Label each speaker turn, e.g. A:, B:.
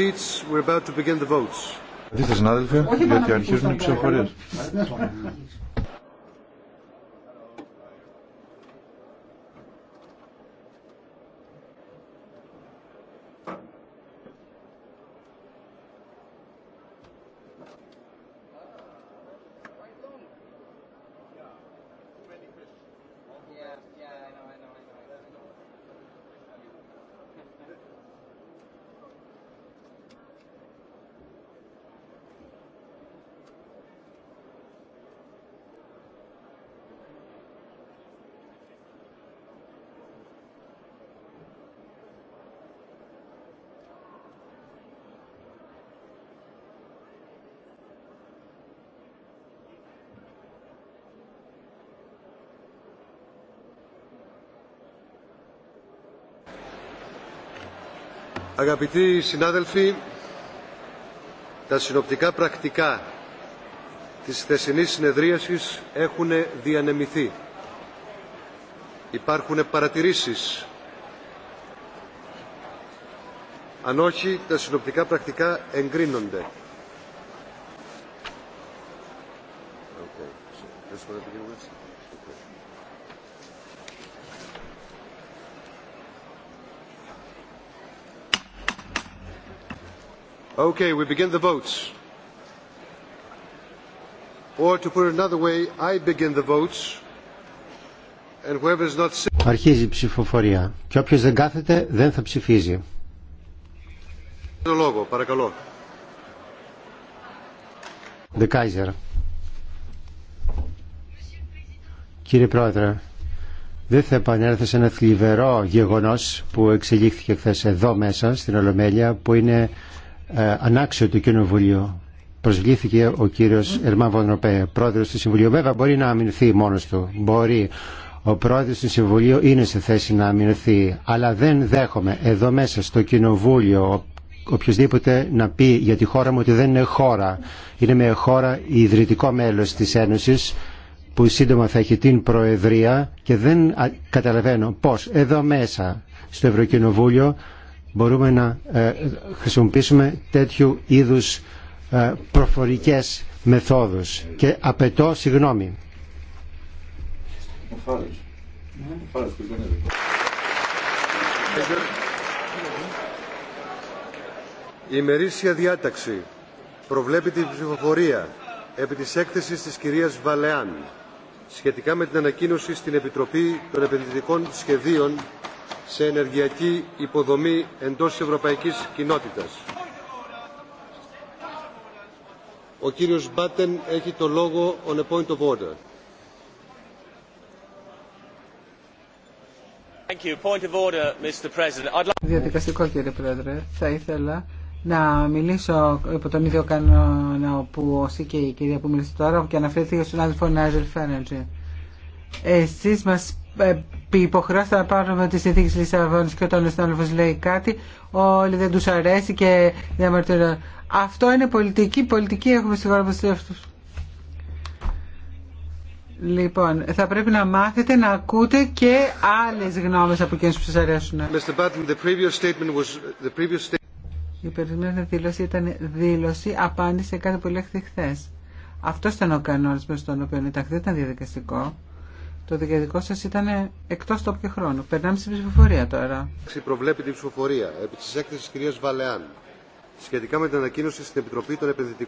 A: seats. We're about to begin the votes. Δείτε συνάδελφοι, γιατί αρχίζουν οι ψηφοφορίε. Αγαπητοί συνάδελφοι, τα συνοπτικά πρακτικά της θεσινής συνεδρίασης έχουν διανεμηθεί. Υπάρχουν παρατηρήσεις. Αν όχι, τα συνοπτικά πρακτικά εγκρίνονται.
B: Αρχίζει η ψηφοφορία. Και όποιος δεν κάθεται δεν θα ψηφίζει. παρακαλώ. The Kaiser. Κύριε Πρόεδρε, δεν θα επανέλθω σε ένα θλιβερό γεγονός που εξελίχθηκε χθε εδώ μέσα στην Ολομέλεια που είναι ε, ανάξιο του Κοινοβουλίου. Προσβλήθηκε ο κύριος Ερμάν Βονροπέ, πρόεδρος του Συμβουλίου. Βέβαια μπορεί να αμυνθεί μόνος του. Μπορεί. Ο πρόεδρος του Συμβουλίου είναι σε θέση να αμυνθεί. Αλλά δεν δέχομαι εδώ μέσα στο Κοινοβούλιο οποιοδήποτε να πει για τη χώρα μου ότι δεν είναι χώρα. Είναι μια χώρα ιδρυτικό μέλος της Ένωσης που σύντομα θα έχει την Προεδρία και δεν καταλαβαίνω πώς εδώ μέσα στο Ευρωκοινοβούλιο μπορούμε να ε, χρησιμοποιήσουμε τέτοιου είδους ε, προφορικές μεθόδους και απαιτώ συγγνώμη.
A: Η ημερήσια διάταξη προβλέπει την ψηφοφορία επί της έκθεσης της κυρίας Βαλεάν σχετικά με την ανακοίνωση στην Επιτροπή των Επενδυτικών Σχεδίων σε ενεργειακή υποδομή εντός της Ευρωπαϊκής Κοινότητας. Ο κύριος Μπάτεν έχει το λόγο on a point of order. Thank you. Point of order, Mr. President. I'd like...
C: Διαδικαστικό κύριε Πρόεδρε, θα ήθελα να μιλήσω υπό τον ίδιο κανόνα που όσοι και η κυρία που μίλησε τώρα και αναφέρθηκε στον άδελφο Νάζελ Φένελτζε. Εσείς μας ε, υποχρέωσαν να πάρουμε τι συνθήκε Λισαβόνη και όταν ο συνάδελφο λέει κάτι, όλοι δεν του αρέσει και διαμαρτυρώνουν. Αυτό είναι πολιτική. Πολιτική έχουμε στη χώρα μα Λοιπόν, θα πρέπει να μάθετε να ακούτε και άλλε γνώμε από εκείνου που σα αρέσουν. Η περισμένη δήλωση ήταν δήλωση απάντηση σε κάτι που λέχθη χθε. Αυτό ήταν ο κανόνα με τον οποίο ήταν, δεν ήταν διαδικαστικό. Το δικαιωτικό σα ήταν εκτό το πιο χρόνο. Περνάμε στην ψηφοφορία τώρα.
A: Προβλέπει την ψηφοφορία επί τη έκθεση κυρία Βαλεάν σχετικά με την ανακοίνωση στην Επιτροπή των Επενδυτικών.